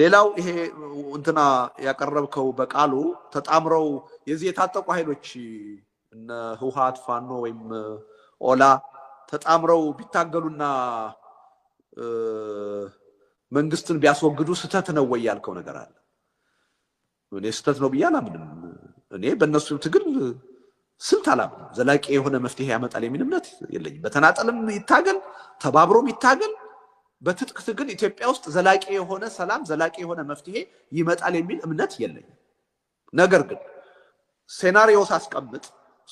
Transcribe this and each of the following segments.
ሌላው ይሄ እንትና ያቀረብከው በቃሉ ተጣምረው የዚህ የታጠቁ ኃይሎች እነ ህውሃት ፋኖ ወይም ኦላ ተጣምረው ቢታገሉና መንግስትን ቢያስወግዱ ስህተት ነው ወይ ያልከው ነገር አለ። እኔ ስህተት ነው ብዬ አላምንም። እኔ በእነሱ ትግል ስልት አላምንም። ዘላቂ የሆነ መፍትሄ ያመጣል የሚል እምነት የለኝም። በተናጠልም ይታገል ተባብሮም ይታገል በትጥቅ ትግል ኢትዮጵያ ውስጥ ዘላቂ የሆነ ሰላም፣ ዘላቂ የሆነ መፍትሄ ይመጣል የሚል እምነት የለኝም። ነገር ግን ሴናሪዮ ሳስቀምጥ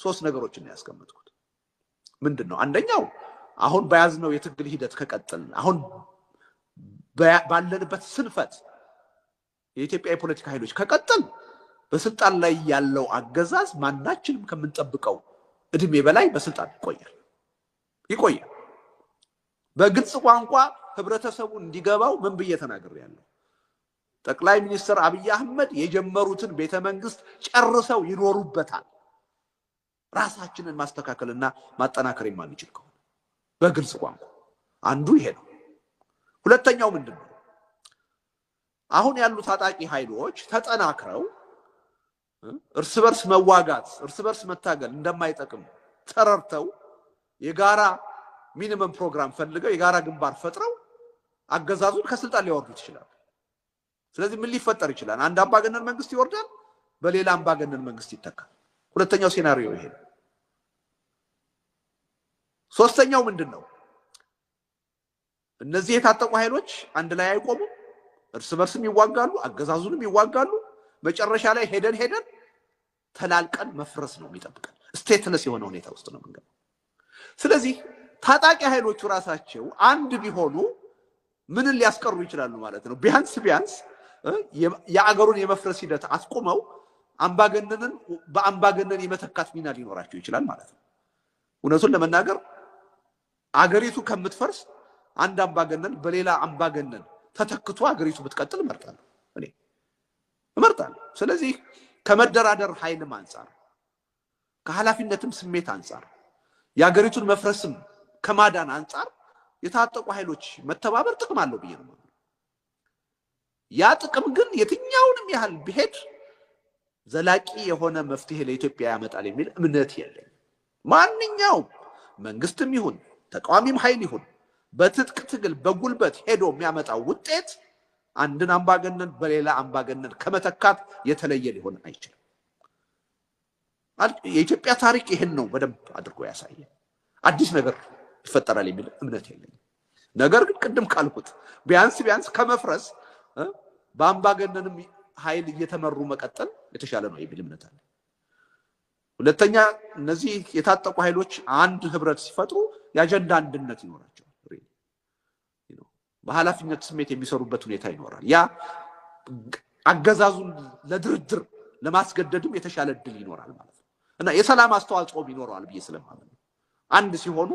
ሶስት ነገሮችን ያስቀምጥኩት ምንድን ነው? አንደኛው አሁን በያዝነው የትግል ሂደት ከቀጥል አሁን ባለንበት ስንፈት የኢትዮጵያ የፖለቲካ ኃይሎች ከቀጥል በስልጣን ላይ ያለው አገዛዝ ማናችንም ከምንጠብቀው እድሜ በላይ በስልጣን ይቆያል ይቆያል። በግልጽ ቋንቋ ህብረተሰቡ እንዲገባው ምን ብዬ ያለው? ጠቅላይ ሚኒስትር አብይ አህመድ የጀመሩትን ቤተ መንግስት ጨርሰው ይኖሩበታል። ራሳችንን ማስተካከልና ማጠናከር የማንችል ከሆነ በግልጽ ቋንቋ አንዱ ይሄ ነው። ሁለተኛው ምንድን ነው? አሁን ያሉ ታጣቂ ኃይሎች ተጠናክረው እርስ በርስ መዋጋት፣ እርስ በርስ መታገል እንደማይጠቅም ተረርተው የጋራ ሚኒመም ፕሮግራም ፈልገው የጋራ ግንባር ፈጥረው አገዛዙን ከስልጣን ሊያወርዱት ይችላል። ስለዚህ ምን ሊፈጠር ይችላል? አንድ አምባገነን መንግስት ይወርዳል፣ በሌላ አምባገነን መንግስት ይተካል። ሁለተኛው ሴናሪዮ ይሄ ነው። ሶስተኛው ምንድን ነው? እነዚህ የታጠቁ ኃይሎች አንድ ላይ አይቆሙም። እርስ በርስም ይዋጋሉ፣ አገዛዙንም ይዋጋሉ። መጨረሻ ላይ ሄደን ሄደን ተላልቀን መፍረስ ነው የሚጠብቀን። ስቴትለስ የሆነ ሁኔታ ውስጥ ነው ስለዚህ ታጣቂ ኃይሎቹ ራሳቸው አንድ ቢሆኑ ምንን ሊያስቀሩ ይችላሉ ማለት ነው? ቢያንስ ቢያንስ የአገሩን የመፍረስ ሂደት አስቁመው አምባገነንን በአምባገነን የመተካት ሚና ሊኖራቸው ይችላል ማለት ነው። እውነቱን ለመናገር አገሪቱ ከምትፈርስ አንድ አምባገነን በሌላ አምባገነን ተተክቶ አገሪቱ ብትቀጥል እመርጣለሁ እኔ እመርጣለሁ። ስለዚህ ከመደራደር ኃይልም አንጻር ከኃላፊነትም ስሜት አንጻር የአገሪቱን መፍረስም ከማዳን አንጻር የታጠቁ ኃይሎች መተባበር ጥቅም አለው ብዬ ነው። ያ ጥቅም ግን የትኛውንም ያህል ቢሄድ ዘላቂ የሆነ መፍትሄ ለኢትዮጵያ ያመጣል የሚል እምነት የለኝ። ማንኛውም መንግስትም ይሁን ተቃዋሚም ኃይል ይሁን በትጥቅ ትግል በጉልበት ሄዶ የሚያመጣው ውጤት አንድን አምባገነን በሌላ አምባገነን ከመተካት የተለየ ሊሆን አይችልም። የኢትዮጵያ ታሪክ ይህን ነው በደንብ አድርጎ ያሳየ አዲስ ነገር ይፈጠራል የሚል እምነት የለኝ። ነገር ግን ቅድም ካልኩት ቢያንስ ቢያንስ ከመፍረስ በአምባገነንም ኃይል እየተመሩ መቀጠል የተሻለ ነው የሚል እምነት አለ። ሁለተኛ እነዚህ የታጠቁ ኃይሎች አንድ ህብረት ሲፈጥሩ የአጀንዳ አንድነት ይኖራቸዋል። በኃላፊነት ስሜት የሚሰሩበት ሁኔታ ይኖራል። ያ አገዛዙን ለድርድር ለማስገደድም የተሻለ እድል ይኖራል ማለት ነው እና የሰላም አስተዋጽኦም ይኖረዋል ብዬ ስለማምን አንድ ሲሆኑ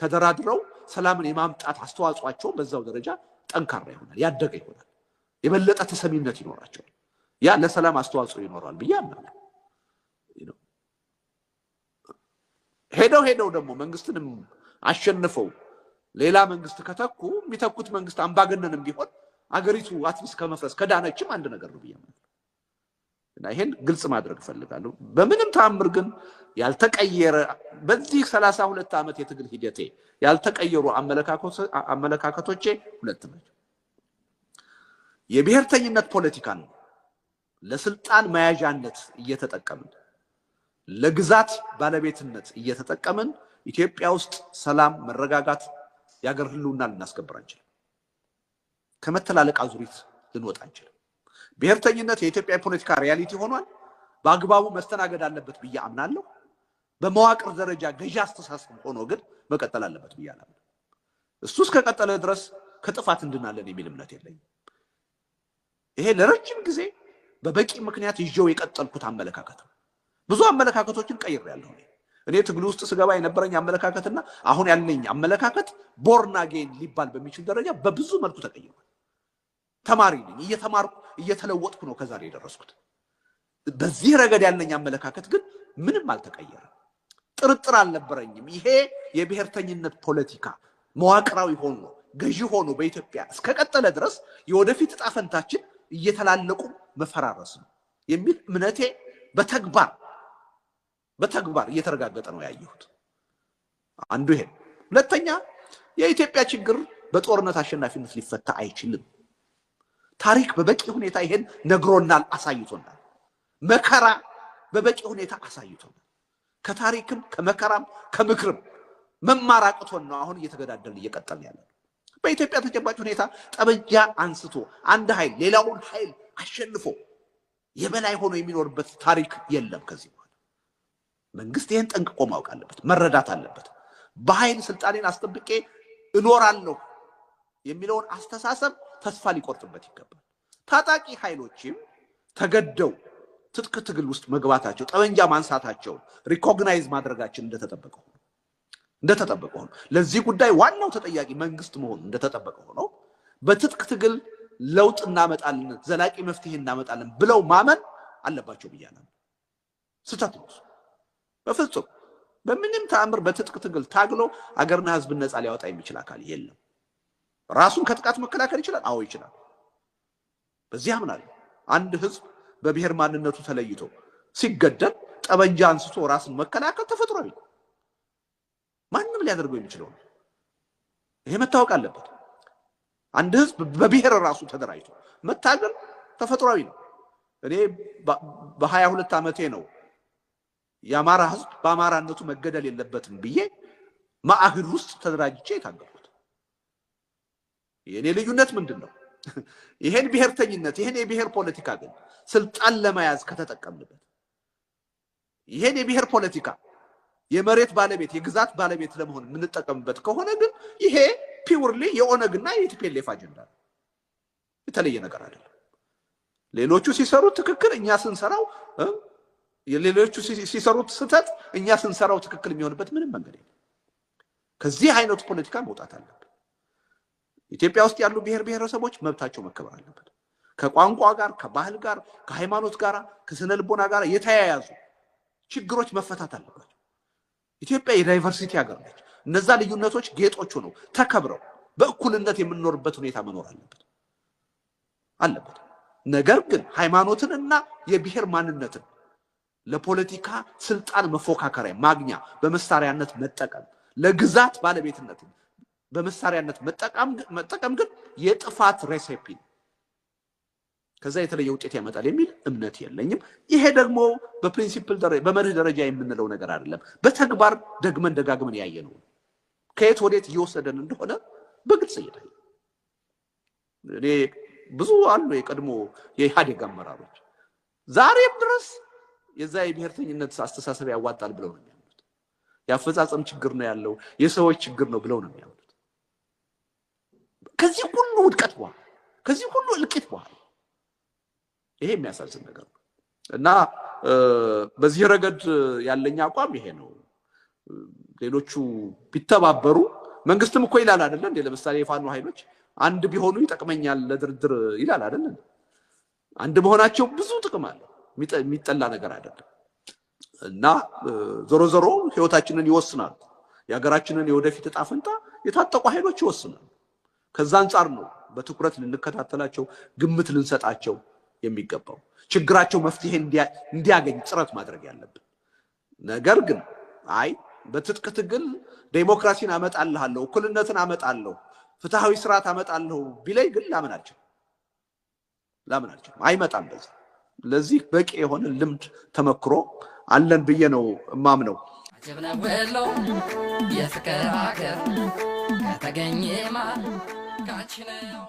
ተደራድረው ሰላምን የማምጣት አስተዋጽኦቸው በዛው ደረጃ ጠንካራ ይሆናል፣ ያደገ ይሆናል፣ የበለጠ ተሰሚነት ይኖራቸዋል። ያ ለሰላም አስተዋጽኦ ይኖረዋል ብዬ አምናለሁ። ሄደው ሄደው ደግሞ መንግስትንም አሸንፈው ሌላ መንግስት ከተኩ የሚተኩት መንግስት አምባገነንም ቢሆን አገሪቱ አትሊስት ከመፍረስ ከዳነችም አንድ ነገር ነው ብዬ እና ይሄን ግልጽ ማድረግ እፈልጋለሁ። በምንም ተአምር ግን ያልተቀየረ በዚህ ሰላሳ ሁለት ዓመት የትግል ሂደቴ ያልተቀየሩ አመለካከቶቼ ሁለት ናቸው። የብሔርተኝነት ነው ለስልጣን መያዣነት እየተጠቀምን ለግዛት ባለቤትነት እየተጠቀምን ኢትዮጵያ ውስጥ ሰላም፣ መረጋጋት፣ የአገር ህልውና ልናስከብር አንችልም። ከመተላለቅ አዙሪት ልንወጣ አንችልም። ብሔርተኝነት የኢትዮጵያ የፖለቲካ ሪያሊቲ ሆኗል። በአግባቡ መስተናገድ አለበት ብዬ አምናለሁ። በመዋቅር ደረጃ ገዢ አስተሳሰብ ሆኖ ግን መቀጠል አለበት ብዬ አላምንም። እሱ እስከቀጠለ ድረስ ከጥፋት እንድናለን የሚል እምነት የለኝም። ይሄ ለረጅም ጊዜ በበቂ ምክንያት ይዤው የቀጠልኩት አመለካከት ነው። ብዙ አመለካከቶችን ቀይሬያለሁ። እኔ ትግል ውስጥ ስገባ የነበረኝ አመለካከትና አሁን ያለኝ አመለካከት ቦርናጌን ሊባል በሚችል ደረጃ በብዙ መልኩ ተቀይሯል። ተማሪ ነኝ። እየተማርኩ እየተለወጥኩ ነው ከዛሬ የደረስኩት። በዚህ ረገድ ያለኝ አመለካከት ግን ምንም አልተቀየረም። ጥርጥር አልነበረኝም። ይሄ የብሔርተኝነት ፖለቲካ መዋቅራዊ ሆኖ ገዢ ሆኖ በኢትዮጵያ እስከቀጠለ ድረስ የወደፊት እጣፈንታችን ፈንታችን እየተላለቁ መፈራረስ ነው የሚል እምነቴ በተግባር በተግባር እየተረጋገጠ ነው ያየሁት። አንዱ ይሄ። ሁለተኛ የኢትዮጵያ ችግር በጦርነት አሸናፊነት ሊፈታ አይችልም። ታሪክ በበቂ ሁኔታ ይሄን ነግሮናል፣ አሳይቶናል። መከራ በበቂ ሁኔታ አሳይቶናል። ከታሪክም ከመከራም ከምክርም መማር አቅቶን ነው አሁን እየተገዳደልን እየቀጠልን ያለ በኢትዮጵያ ተጨባጭ ሁኔታ ጠበጃ አንስቶ አንድ ኃይል ሌላውን ኃይል አሸንፎ የበላይ ሆኖ የሚኖርበት ታሪክ የለም። ከዚህ በኋላ መንግስት ይህን ጠንቅቆ ማወቅ አለበት፣ መረዳት አለበት። በኃይል ስልጣኔን አስጠብቄ እኖራለሁ የሚለውን አስተሳሰብ ተስፋ ሊቆርጥበት ይገባል። ታጣቂ ኃይሎችም ተገደው ትጥቅ ትግል ውስጥ መግባታቸው ጠመንጃ ማንሳታቸውን ሪኮግናይዝ ማድረጋችን እንደተጠበቀ ሆኖ እንደተጠበቀ ሆኖ ለዚህ ጉዳይ ዋናው ተጠያቂ መንግስት መሆኑ እንደተጠበቀ ሆኖ በትጥቅ ትግል ለውጥ እናመጣለን፣ ዘላቂ መፍትሄ እናመጣለን ብለው ማመን አለባቸው ብያለሁ። ስህተት ነው። በፍጹም በምንም ተአምር በትጥቅ ትግል ታግሎ አገርና ህዝብን ነፃ ሊያወጣ የሚችል አካል የለም። ራሱን ከጥቃት መከላከል ይችላል? አዎ ይችላል። በዚህ አምናለሁ። አንድ ህዝብ በብሔር ማንነቱ ተለይቶ ሲገደል ጠበንጃ አንስቶ ራስን መከላከል ተፈጥሯዊ ማንም ሊያደርገው የሚችለው ነው። ይሄ መታወቅ አለበት። አንድ ህዝብ በብሔር ራሱ ተደራጅቶ መታገል ተፈጥሯዊ ነው። እኔ በሀያ ሁለት ዓመቴ ነው የአማራ ህዝብ በአማራነቱ መገደል የለበትም ብዬ ማአህድ ውስጥ ተደራጅቼ የታገልኩ የኔ ልዩነት ምንድን ነው? ይሄን ብሔርተኝነት ይሄን የብሔር ፖለቲካ ግን ስልጣን ለመያዝ ከተጠቀምንበት ይሄን የብሔር ፖለቲካ የመሬት ባለቤት የግዛት ባለቤት ለመሆን የምንጠቀምበት ከሆነ ግን ይሄ ፒውርሊ የኦነግና የኢትፔሌፍ አጀንዳ ነው። የተለየ ነገር አይደለም። ሌሎቹ ሲሰሩት ትክክል፣ እኛ ስንሰራው ሌሎቹ ሲሰሩት ስህተት፣ እኛ ስንሰራው ትክክል የሚሆንበት ምንም መንገድ የለም። ከዚህ አይነቱ ፖለቲካ መውጣት አለብን። ኢትዮጵያ ውስጥ ያሉ ብሔር ብሔረሰቦች መብታቸው መከበር አለበት። ከቋንቋ ጋር፣ ከባህል ጋር፣ ከሃይማኖት ጋር፣ ከስነ ልቦና ጋር የተያያዙ ችግሮች መፈታት አለባቸው። ኢትዮጵያ የዳይቨርሲቲ ሀገር ነች። እነዛ ልዩነቶች ጌጦቹ ነው። ተከብረው በእኩልነት የምንኖርበት ሁኔታ መኖር አለበት አለበት። ነገር ግን ሃይማኖትንና የብሔር ማንነትን ለፖለቲካ ስልጣን መፎካከሪያ ማግኛ በመሳሪያነት መጠቀም ለግዛት ባለቤትነት በመሳሪያነት መጠቀም ግን የጥፋት ሬሴፒ ነው። ከዛ የተለየ ውጤት ያመጣል የሚል እምነት የለኝም። ይሄ ደግሞ በፕሪንሲፕል በመርህ ደረጃ የምንለው ነገር አይደለም። በተግባር ደግመን ደጋግመን ያየ ነው። ከየት ወዴት እየወሰደን እንደሆነ በግልጽ እየታየ እኔ ብዙ አሉ የቀድሞ የኢህአዴግ አመራሮች ዛሬም ድረስ የዛ የብሔርተኝነት አስተሳሰብ ያዋጣል ብለው ነው የሚያምኑት። የአፈጻጸም ችግር ነው ያለው፣ የሰዎች ችግር ነው ብለው ነው የሚያምኑት። ከዚህ ሁሉ ውድቀት በኋላ ከዚህ ሁሉ እልቂት በኋላ ይሄ የሚያሳዝን ነገር ነው እና በዚህ ረገድ ያለኝ አቋም ይሄ ነው። ሌሎቹ ቢተባበሩ መንግስትም እኮ ይላል አይደለ እንዴ? ለምሳሌ የፋኖ ኃይሎች አንድ ቢሆኑ ይጠቅመኛል ለድርድር ይላል አይደለ? አንድ መሆናቸው ብዙ ጥቅም አለ፣ የሚጠላ ነገር አይደለም። እና ዞሮ ዞሮ ህይወታችንን ይወስናሉ። የሀገራችንን የወደፊት እጣ ፈንታ የታጠቁ ኃይሎች ይወስናሉ። ከዛ አንጻር ነው በትኩረት ልንከታተላቸው፣ ግምት ልንሰጣቸው የሚገባው ችግራቸው መፍትሄ እንዲያገኝ ጥረት ማድረግ ያለብን። ነገር ግን አይ በትጥቅ ትግል ዴሞክራሲን አመጣልሃለሁ፣ እኩልነትን አመጣለሁ፣ ፍትሐዊ ስርዓት አመጣለሁ ቢለይ ግን ላምናቸው ላምናቸው አይመጣም። በዚህ ለዚህ በቂ የሆነ ልምድ ተመክሮ አለን ብዬ ነው እማምነው። አጀብነው ወሎ የፍቅር ሀገር ከተገኘማ 感情呢？